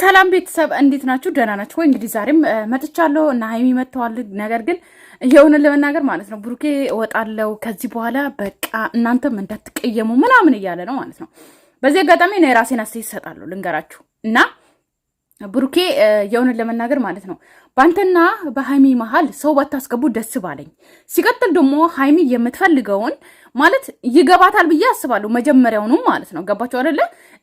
ሰላም ቤተሰብ እንዴት ናችሁ? ደህና ናችሁ ወይ? እንግዲህ ዛሬም መጥቻለሁ እና ሀይሚ መጥተዋል። ነገር ግን የእውነት ለመናገር ማለት ነው ብሩኬ እወጣለሁ ከዚህ በኋላ በቃ እናንተም እንዳትቀየሙ ምናምን እያለ ነው ማለት ነው። በዚህ አጋጣሚ ነው የራሴን አስተያየት እሰጣለሁ ልንገራችሁ እና ብሩኬ የውንን ለመናገር ማለት ነው በአንተና በሀይሚ መሀል ሰው ባታስገቡ ደስ ባለኝ። ሲቀጥል ደግሞ ሀይሚ የምትፈልገውን ማለት ይገባታል ብዬ አስባለሁ። መጀመሪያውኑም ማለት ነው ገባቸው አደለ?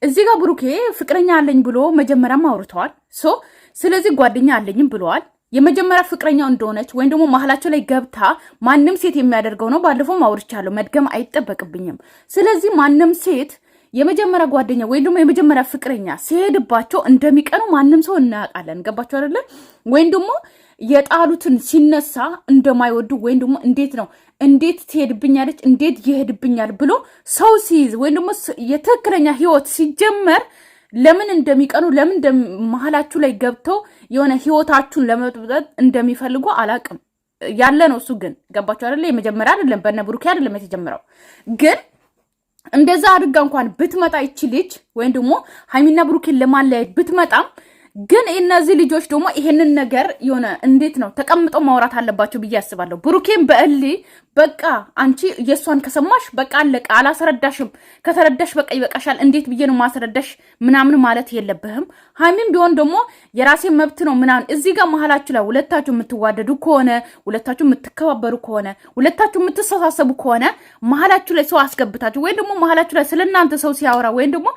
እዚህ ጋር ብሩኬ ፍቅረኛ አለኝ ብሎ መጀመሪያም አውርተዋል። ሶ ስለዚህ ጓደኛ አለኝም ብለዋል። የመጀመሪያ ፍቅረኛው እንደሆነች ወይም ደግሞ መሀላቸው ላይ ገብታ ማንም ሴት የሚያደርገው ነው። ባለፈው አውርቻለሁ፣ መድገም አይጠበቅብኝም። ስለዚህ ማንም ሴት የመጀመሪያ ጓደኛ ወይም ደግሞ የመጀመሪያ ፍቅረኛ ሲሄድባቸው እንደሚቀኑ ማንም ሰው እናያውቃለን። ገባቸው አይደለም? ወይም ደግሞ የጣሉትን ሲነሳ እንደማይወዱ ወይም ደግሞ እንዴት ነው እንዴት ትሄድብኛለች፣ እንዴት ይሄድብኛል ብሎ ሰው ሲይዝ ወይም ደግሞ የትክክለኛ ህይወት ሲጀመር ለምን እንደሚቀኑ ለምን መሀላችሁ ላይ ገብተው የሆነ ህይወታችሁን ለመጥበጥ እንደሚፈልጉ አላቅም ያለ ነው እሱ ግን ገባችሁ አይደለ? የመጀመሪያ አይደለም፣ በነ ብሩኬ አይደለም የተጀመረው ግን እንደዛ አድርጋ እንኳን ብትመጣ ይቺ ልጅ ወይም ደግሞ ሀይሚና ብሩኬን ለማለያየት ብትመጣም ግን እነዚህ ልጆች ደግሞ ይሄንን ነገር የሆነ እንዴት ነው ተቀምጦ ማውራት አለባቸው ብዬ አስባለሁ። ብሩኬን በእል በቃ አንቺ የእሷን ከሰማሽ በቃ አለቀ፣ አላስረዳሽም። ከተረዳሽ በቃ ይበቃሻል። እንዴት ብዬ ነው ማስረዳሽ ምናምን ማለት የለብህም። ሀይሚም ቢሆን ደግሞ የራሴን መብት ነው ምናምን። እዚህ ጋር መሀላችሁ ላይ ሁለታችሁ የምትዋደዱ ከሆነ ሁለታችሁ የምትከባበሩ ከሆነ ሁለታችሁ የምትሰሳሰቡ ከሆነ መሀላችሁ ላይ ሰው አስገብታችሁ ወይም ደግሞ መሀላችሁ ላይ ስለእናንተ ሰው ሲያወራ ወይም ደግሞ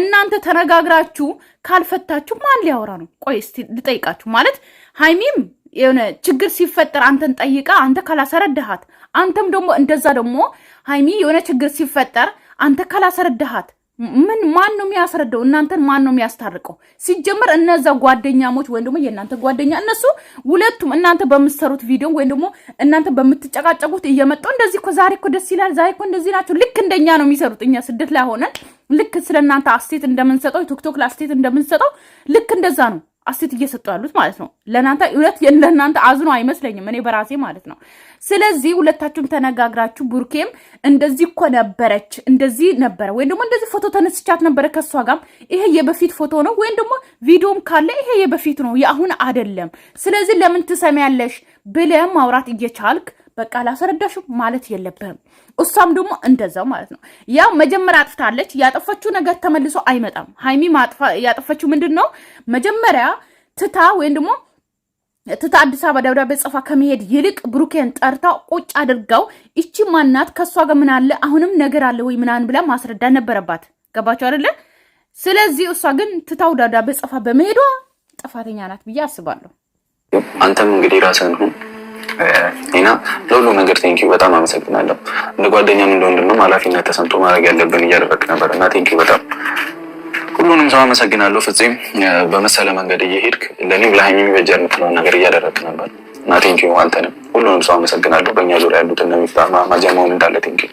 እናንተ ተነጋግራችሁ ካልፈታችሁ ማን ሊያወራ ነው? ቆይ እስቲ ልጠይቃችሁ። ማለት ሀይሚም የሆነ ችግር ሲፈጠር አንተን ጠይቃ አንተ ካላሰረዳሃት፣ አንተም ደግሞ እንደዛ ደግሞ ሀይሚ የሆነ ችግር ሲፈጠር አንተ ካላሰረዳሃት ምን ማን ነው የሚያስረዳው? እናንተን ማን ነው የሚያስታርቀው? ሲጀመር እነዛ ጓደኛሞች ወይም ደግሞ የእናንተ ጓደኛ እነሱ ሁለቱም እናንተ በምትሰሩት ቪዲዮ ወይም ደግሞ እናንተ በምትጨቃጨቁት እየመጣው እንደዚህ እኮ ዛሬ እኮ ደስ ይላል፣ ዛሬ እኮ እንደዚህ ናቸው። ልክ እንደኛ ነው የሚሰሩት። እኛ ስደት ላይ ሆነን ልክ ስለ እናንተ አስቴት እንደምንሰጠው ቲክቶክ ላይ አስቴት እንደምንሰጠው ልክ እንደዛ ነው። አስት እየሰጡ ያሉት ማለት ነው። ለእናንተ እውነት ለእናንተ አዝኖ አይመስለኝም እኔ በራሴ ማለት ነው። ስለዚህ ሁለታችሁም ተነጋግራችሁ ቡርኬም እንደዚህ እኮ ነበረች፣ እንደዚህ ነበረ፣ ወይም ደግሞ እንደዚህ ፎቶ ተነስቻት ነበረ ከእሷ ጋርም ይሄ የበፊት ፎቶ ነው፣ ወይም ደግሞ ቪዲዮም ካለ ይሄ የበፊት ነው፣ የአሁን አደለም። ስለዚህ ለምን ትሰሚያለሽ ብለህ ማውራት እየቻልክ በቃ አላስረዳሽም ማለት የለብህም። እሷም ደግሞ እንደዛው ማለት ነው። ያው መጀመሪያ አጥፍታለች። ያጠፈችው ነገር ተመልሶ አይመጣም። ሀይሚ ያጠፈችው ምንድን ነው? መጀመሪያ ትታ ወይም ደግሞ ትታ አዲስ አበባ ደብዳቤ ጽፋ ከመሄድ ይልቅ ብሩኬን ጠርታ ቁጭ አድርገው እቺ ማናት? ከእሷ ጋር ምን አለ? አሁንም ነገር አለ ወይ ምናምን ብላ ማስረዳ ነበረባት። ገባቸው አይደለ? ስለዚህ እሷ ግን ትታው ደብዳቤ ጽፋ በመሄዷ ጥፋተኛ ናት ብዬ አስባለሁ። አንተም እንግዲህ ራስህን ሁን እና ለሁሉ ነገር ቴንኪዩ በጣም አመሰግናለሁ። እንደ ጓደኛም እንደ ወንድምም ኃላፊነት ተሰምቶ ማድረግ ያለብን እያደረግ ነበር እና ቴንኪዩ በጣም ሁሉንም ሰው አመሰግናለሁ። ፍጹም በመሰለ መንገድ እየሄድክ ለእኔም ለሀኝ የሚበጃ የምትለውን ነገር እያደረግ ነበር እና ቴንኪዩ አንተንም ሁሉንም ሰው አመሰግናለሁ። በእኛ ዙሪያ ያሉት እነሚፍታ ማጃ እንዳለ ቴንኪዩ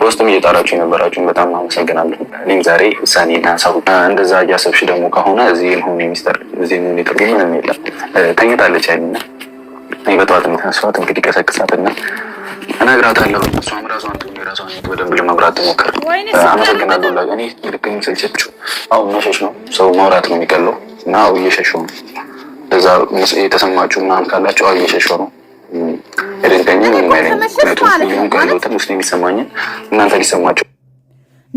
በውስጡም እየጣራችሁ የነበራችሁን በጣም አመሰግናለሁ። እኔም ዛሬ ውሳኔ ና ሀሳቡ እንደዛ እያሰብሽ ደግሞ ከሆነ እዚህ ሆን ሚስተር እዚህ ሆን ጥሩ ምንም የለም ተኝታለች አይልና እኔ በጠዋት የምትነስፋት እንግዲህ ቀሰቅሳትና እነግራታለሁ። እሷም ራሷን ትሆን የራሷን በደንብ ለመብራት ትሞክር። አመሰግናለሁ። ላ እኔ ልክኝ ስልችችው አሁን መሸሽ ነው፣ ሰው ማውራት ነው የሚቀለው እና አሁ እየሸሸው ነው። እዛ የተሰማችሁ ምናምን ካላችሁ አሁ እየሸሸው ነው የደንቀኝ የማይለኝ ምክንያቱም ሁም ካለሁትን ውስጥ የሚሰማኝን እናንተ ሊሰማቸው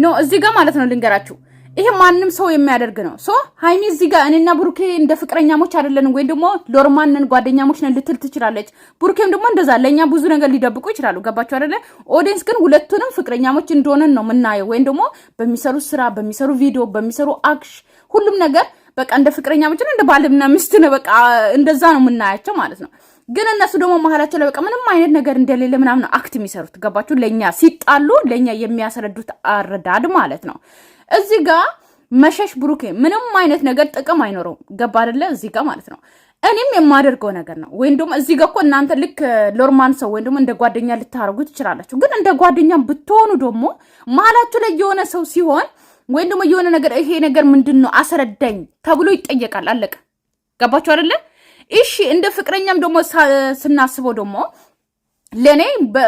ኖ እዚህ ጋር ማለት ነው ልንገራችሁ ይሄ ማንም ሰው የሚያደርግ ነው። ሶ ሀይሚ እዚህ ጋር እኔና ብሩኬ እንደ ፍቅረኛሞች አይደለንም ወይም ደግሞ ሎርማን ጓደኛሞች ነን ልትል ትችላለች። ብሩኬም ደግሞ እንደዛ ለእኛ ብዙ ነገር ሊደብቁ ይችላሉ። ገባችሁ አይደለ? ኦዲየንስ ግን ሁለቱንም ፍቅረኛሞች እንደሆነን ነው የምናየው። ወይም ደግሞ በሚሰሩ ስራ፣ በሚሰሩ ቪዲዮ፣ በሚሰሩ አክሽ ሁሉም ነገር በቃ እንደ ፍቅረኛሞች እንደ ባልና ሚስት ነው። በቃ እንደዛ ነው የምናያቸው ማለት ነው። ግን እነሱ ደግሞ መሀላቸው ላይ በቃ ምንም አይነት ነገር እንደሌለ ምናምን አክት የሚሰሩት ገባችሁ? ለእኛ ሲጣሉ ለእኛ የሚያስረዱት አረዳድ ማለት ነው። እዚህ ጋር መሸሽ ብሩኬ ምንም አይነት ነገር ጥቅም አይኖረውም። ገባ አይደለ? እዚህ ጋር ማለት ነው እኔም የማደርገው ነገር ነው። ወይም ደግሞ እዚህ ጋር እኮ እናንተ ልክ ሎርማን ሰው ወይም ደግሞ እንደ ጓደኛ ልታደርጉ ትችላላችሁ። ግን እንደ ጓደኛ ብትሆኑ ደግሞ መሀላችሁ ላይ የሆነ ሰው ሲሆን ወይም ደግሞ የሆነ ነገር ይሄ ነገር ምንድን ነው አስረዳኝ ተብሎ ይጠየቃል። አለቀ። ገባችሁ አይደለ? እሺ እንደ ፍቅረኛም ደግሞ ስናስበው ደግሞ ለእኔ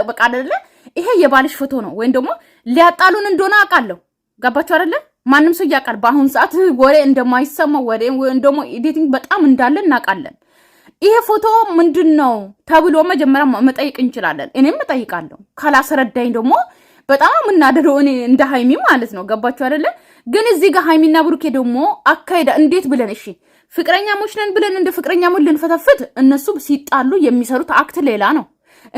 በቃ አይደለ ይሄ የባልሽ ፎቶ ነው ወይም ደግሞ ሊያጣሉን እንደሆነ አውቃለሁ ገባችሁ አይደለ? ማንም ሰው እያውቃል። በአሁን ሰዓት ወሬ እንደማይሰማው ወሬ ወይም ደግሞ ኤዲቲንግ በጣም እንዳለ እናውቃለን። ይሄ ፎቶ ምንድን ነው ተብሎ መጀመሪያ መጠየቅ እንችላለን። እኔም እጠይቃለሁ። ካላስረዳኝ ደግሞ በጣም የምናደረው እኔ እንደ ሀይሚ ማለት ነው። ገባችሁ አይደለ? ግን እዚህ ጋር ሀይሚና ብሩኬ ደግሞ አካሄዳ እንዴት ብለን እሺ ፍቅረኛሞች ነን ብለን እንደ ፍቅረኛሞች ልንፈተፍት፣ እነሱ ሲጣሉ የሚሰሩት አክት ሌላ ነው።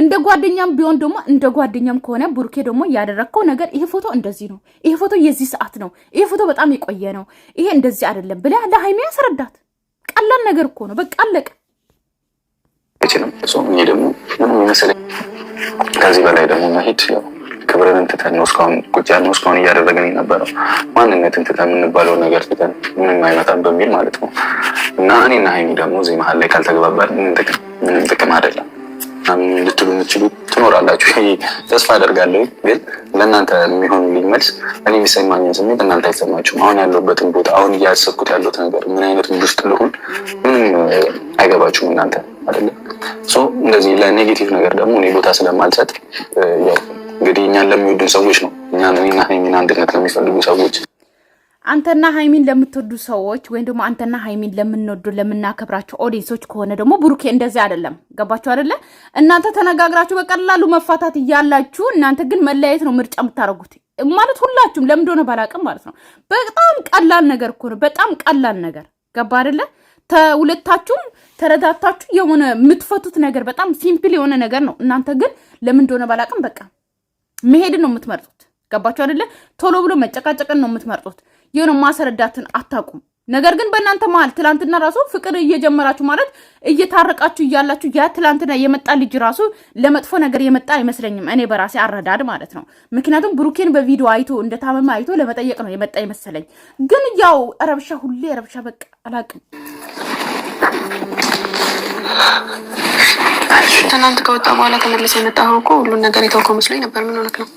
እንደ ጓደኛም ቢሆን ደግሞ እንደ ጓደኛም ከሆነ ብሩኬ ደግሞ ያደረግከው ነገር ይሄ ፎቶ እንደዚህ ነው፣ ይሄ ፎቶ የዚህ ሰዓት ነው፣ ይሄ ፎቶ በጣም የቆየ ነው፣ ይሄ እንደዚህ አይደለም ብለ ለሀይሜ ያስረዳት። ቀላል ነገር እኮ ነው። በቃ አለቀ። ከዚህ በላይ ደግሞ መሄድ ክብርን እንትተን ነው እስካሁን ቁጭ ያልነው፣ እስካሁን እያደረገን የነበረው ማንነት እንትተን የምንባለው ነገር ትተን ምንም አይመጣም በሚል ማለት ነው። እና እኔና ሀይሚ ደግሞ እዚህ መሀል ላይ ካልተግባባን ምንም ጥቅም አይደለም። ልትሉ የምትችሉ ትኖራላችሁ። ተስፋ አደርጋለሁ። ግን ለእናንተ የሚሆንልኝ መልስ እኔ የሚሰማኝን ስሜት እናንተ አይሰማችሁም። አሁን ያለሁበትን ቦታ፣ አሁን እያሰብኩት ያለሁት ነገር፣ ምን አይነት ውስጥ ልሁን፣ ምንም አይገባችሁም እናንተ አይደለም። እንደዚህ ለኔጌቲቭ ነገር ደግሞ እኔ ቦታ ስለማልሰጥ እንግዲህ እኛን ለሚወዱን ሰዎች ነው እኛ እኔና እኔን አንድነት ለሚፈልጉ ሰዎች አንተና ሀይሚን ለምትወዱ ሰዎች ወይም ደግሞ አንተና ሀይሚን ለምንወዱ ለምናከብራቸው ኦዲንሶች ከሆነ ደግሞ ብሩኬ እንደዚህ አይደለም። ገባችሁ አይደለ? እናንተ ተነጋግራችሁ በቀላሉ መፋታት እያላችሁ እናንተ ግን መለያየት ነው ምርጫ የምታደርጉት ማለት ሁላችሁም። ለምን እንደሆነ ባላቅም ማለት ነው። በጣም ቀላል ነገር እኮ ነው። በጣም ቀላል ነገር ገባ አይደለ? ሁለታችሁም ተረዳታችሁ የሆነ የምትፈቱት ነገር በጣም ሲምፕል የሆነ ነገር ነው። እናንተ ግን ለምን እንደሆነ በቃ መሄድን ነው የምትመርጡት። ገባችሁ አይደለ? ቶሎ ብሎ መጨቃጨቅን ነው የምትመርጡት። የሆነ ማስረዳትን አታውቁም። ነገር ግን በእናንተ መሀል ትላንትና ራሱ ፍቅር እየጀመራችሁ ማለት እየታረቃችሁ እያላችሁ ያ ትላንትና የመጣ ልጅ ራሱ ለመጥፎ ነገር የመጣ አይመስለኝም፣ እኔ በራሴ አረዳድ ማለት ነው። ምክንያቱም ብሩኬን በቪዲዮ አይቶ እንደታመመ አይቶ ለመጠየቅ ነው የመጣ ይመስለኝ። ግን ያው ረብሻ፣ ሁሌ ረብሻ፣ በቃ አላቅም። ትናንት ከወጣ በኋላ ተመልሰ የመጣ እኮ ሁሉን ነገር የተውከው መስሎኝ ነበር። ምን ሆነክ ነው?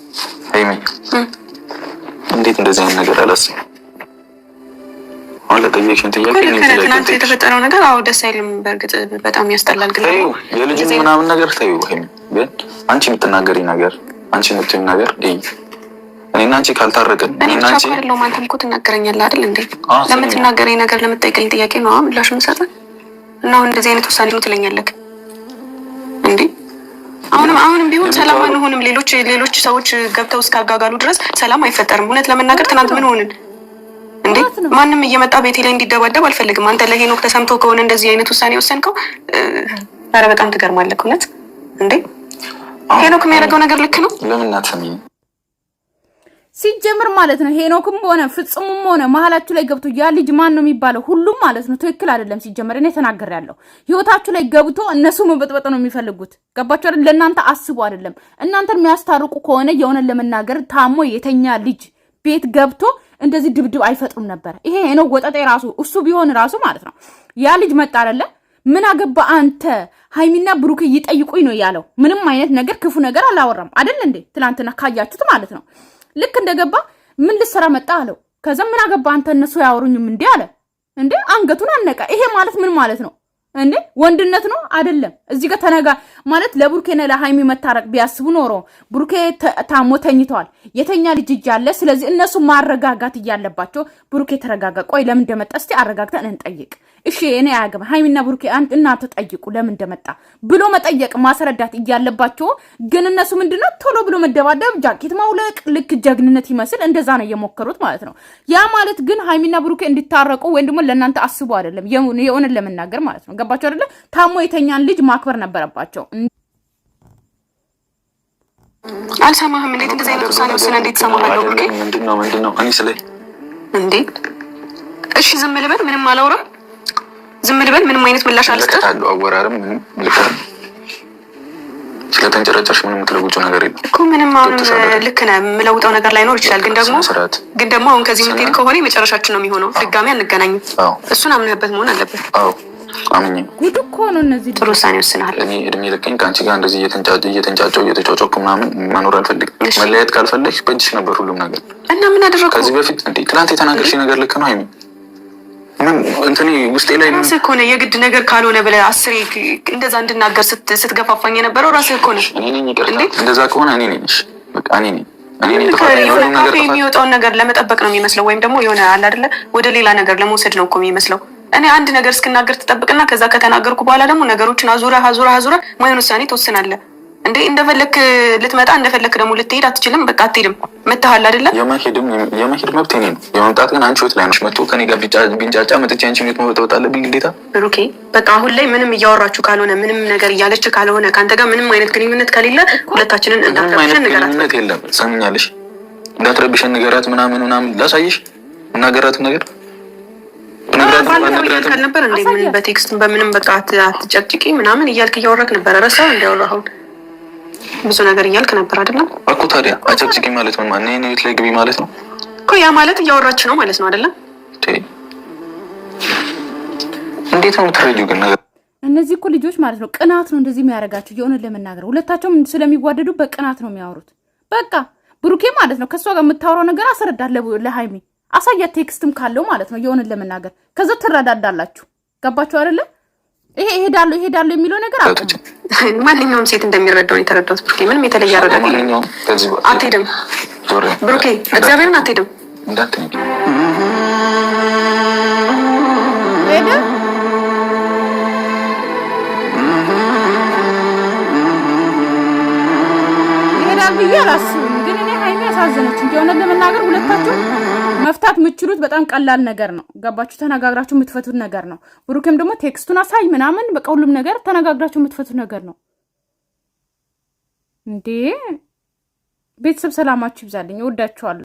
እንዴት እንደዚህ አይነት ነገር አላስብም አሁን ለጠየቅሽን ጥያቄ ትናንት የተፈጠረው ነገር አዎ ደስ አይልም። በእርግጥ በጣም ያስጠላል። ግን የልጅ ምናምን ነገር ግን አንቺ የምትናገሪ ነገር አንቺ ነገር እይ እኔና አንቺ ካልታረቅን አንተም እኮ ትናገረኛለህ አይደል እንዴ? ለምትናገረኝ ነገር ጥያቄ ነው ምላሽ እና እንደዚህ አይነት ውሳኔ ነው ትለኛለህ እንዴ? አሁንም አሁንም ቢሆን ሰላም አንሆንም። ሌሎች ሌሎች ሰዎች ገብተው እስካጋጋሉ ድረስ ሰላም አይፈጠርም። እውነት ለመናገር ትናንት ምን ሆንን እንዴ ማንም እየመጣ ቤቴ ላይ እንዲደባደብ አልፈልግም። አንተ ለሄኖክ ተሰምቶ ከሆነ እንደዚህ አይነት ውሳኔ ወሰንከው፣ ኧረ በጣም ትገርማለህ እውነት። እንዴ ሄኖክ የሚያደርገው ነገር ልክ ነው። ለምን ሲጀምር ማለት ነው ሄኖክም ሆነ ፍጹምም ሆነ መሀላችሁ ላይ ገብቶ ያ ልጅ ማን ነው የሚባለው ሁሉም ማለት ነው ትክክል አይደለም። ሲጀምር እኔ ተናገር ያለው ህይወታችሁ ላይ ገብቶ እነሱ መበጥበጥ ነው የሚፈልጉት። ገባችሁ አይደል? ለእናንተ አስቡ አይደለም። እናንተን የሚያስታርቁ ከሆነ የሆነን ለመናገር ታሞ የተኛ ልጅ ቤት ገብቶ እንደዚህ ድብድብ አይፈጥሩም ነበር። ይሄ ነው ወጠጤ ራሱ እሱ ቢሆን ራሱ ማለት ነው። ያ ልጅ መጣ አይደለ ምን አገባ አንተ ሀይሚና ብሩክ ይጠይቁኝ ነው ያለው። ምንም አይነት ነገር ክፉ ነገር አላወራም አይደል እንዴ? ትላንትና ካያችሁት ማለት ነው። ልክ እንደገባ ምን ልሰራ መጣ አለው። ከዛ ምን አገባ አንተ እነሱ ያወሩኝም እንዴ አለ። እንዴ አንገቱን አነቀ። ይሄ ማለት ምን ማለት ነው? እንዴ ወንድነት ነው አይደለም? እዚህ ጋር ተነጋ ማለት ለቡርኬና ለሃይሚ መታረቅ ቢያስቡ ኖሮ ቡርኬ ታሞ ተኝተዋል፣ የተኛ ልጅ እያለ ስለዚህ እነሱ ማረጋጋት እያለባቸው ቡርኬ ተረጋጋ፣ ቆይ ለምን እንደመጣ እስቲ አረጋግተን እንጠይቅ፣ እሺ እኔ አያገባ ሃይሚና ቡርኬ እናንተ ጠይቁ ለምን እንደመጣ ብሎ መጠየቅ ማስረዳት እያለባቸው ግን እነሱ ምንድነው ቶሎ ብሎ መደባደብ፣ ጃኬት ማውለቅ ልክ ጀግንነት ይመስል እንደዛ ነው የሞከሩት ማለት ነው። ያ ማለት ግን ሃይሚና ቡርኬ እንዲታረቁ ወይም ደግሞ ለእናንተ አስቡ አይደለም፣ የሆነ ለመናገር ማለት ነው። ገባቸው አይደለ? ታሞ የተኛን ልጅ ማክበር ነበረባቸው። አልሰማህም? እንዴት እንደዚህ አይነት ውሳኔ ወስነ እንዴት ሰማሃለሁ? እኔ ስለ እንዴ እሺ፣ ዝም ልበል? ምንም አላውራም? ዝም ልበል? ምንም አይነት ምላሽ አልሰጥም? አወራርም ምንም ልበል ስለተንጨረጨሽ ምንም የምትለውጭው ነገር የለም እኮ ምንም። አሁን ልክ ነህ፣ የምለውጠው ነገር ላይኖር ይችላል፣ ግን ደግሞ ግን ደግሞ አሁን ከዚህ የምትሄድ ከሆነ የመጨረሻችን ነው የሚሆነው። ድጋሚ አንገናኝም። እሱን አምነህበት መሆን አለበት። አምኜ ጉድ እኮ ነው። እነዚህ ጥሩ ውሳኔ ወስናል። እኔ እድሜ ከአንቺ ጋር እንደዚህ እየተንጫጨው እየተጫጨኩ ምናምን መኖር አልፈልግም። መለያየት ካልፈለግሽ በእጅሽ ነበር ሁሉም ነገር እና ምን ከዚህ በፊት እንዴ? ትናንት የተናገርሽ ነገር ልክ ነው ሀይሚ። እንትኔ ውስጤ ላይ ራስህ እኮ ነህ የግድ ነገር ካልሆነ ብለህ አስሬ እንደዛ እንድናገር ስትገፋፋኝ የነበረው ራስህ እኮ ነህ። እንደዛ ከሆነ እኔ ነኝ በቃ እኔ ነኝ የሚወጣውን ነገር ለመጠበቅ ነው የሚመስለው፣ ወይም ደግሞ የሆነ አለ አይደለ ወደ ሌላ ነገር ለመውሰድ ነው እኮ የሚመስለው እኔ አንድ ነገር እስክናገር ትጠብቅና ከዛ ከተናገርኩ በኋላ ደግሞ ነገሮችን አዙረ አዙረ አዙረ ማይሆን ውሳኔ ትወስናለህ። እንዴ እንደፈለክ ልትመጣ እንደፈለክ ደግሞ ልትሄድ አትችልም። በቃ አትሄድም። መተሃል አይደለም። የመሄድም የመሄድ መብት ኔ ነው። የመምጣት ግን አንቺ ወት ላይ ነች መጥቶ ከኔ ጋር ቢንጫጫ መጥቼ አንቺ ት መበጠበጥ አለብኝ ግዴታ? ብሩኬ በቃ አሁን ላይ ምንም እያወራችሁ ካልሆነ፣ ምንም ነገር እያለች ካልሆነ፣ ከአንተ ጋር ምንም አይነት ግንኙነት ከሌለ ሁለታችንን እንዳትረብሽን ነገራት። ግንኙነት የለም ሰምኛለሽ። እንዳትረብሽን ንገራት ምናምን ምናምን ላሳይሽ እናገራትን ነገር እያልክ ነበር እንደ ምን በቴክስት በምንም በቃ አትጨቅጭቂ ምናምን እያልክ እያወራክ ነበረ። ረሳው እንዲያውሉ ብዙ ነገር እያልክ ነበር አይደለም እኮ። ታዲያ አጨቅጭቂ ማለት ምን ማለት ነው? ቤት ላይ ግቢ ማለት ነው እኮ። ያ ማለት እያወራች ነው ማለት ነው አይደለም። እንዴት ነው የምትረጂው ግን ነገር እነዚህ እኮ ልጆች ማለት ነው ቅናት ነው እንደዚህ የሚያደርጋቸው። የእውነት ለመናገር ሁለታቸውም ስለሚዋደዱ በቅናት ነው የሚያወሩት። በቃ ብሩኬ ማለት ነው ከእሷ ጋር የምታወራው ነገር አስረዳት ለሀይሜ አሳያት ቴክስትም ካለው ማለት ነው የሆነን ለመናገር ከዛ ትረዳዳላችሁ። ገባችሁ አይደለ? ይሄ ይሄዳሉ ይሄዳሉ የሚለው ነገር አቁሙ። ማንኛውም ሴት እንደሚረዳው የተረዳሁት ብሩኬ፣ ምንም የተለየ አረዳ አትሄድም። ብሩኬ እግዚአብሔርን አትሄድም ይሄዳል ብዬ አላስብም። ግን እኔ ሀይሚ ያሳዘነች እንዲሆነ ለመናገር ሁለታችሁ መፍታት የምትችሉት በጣም ቀላል ነገር ነው። ገባችሁ? ተነጋግራችሁ የምትፈቱት ነገር ነው። ብሩኬም ደግሞ ቴክስቱን አሳይ ምናምን፣ በቃ ሁሉም ነገር ተነጋግራችሁ የምትፈቱት ነገር ነው። እንዴ ቤተሰብ ሰላማችሁ ይብዛልኝ። እወዳችኋለሁ።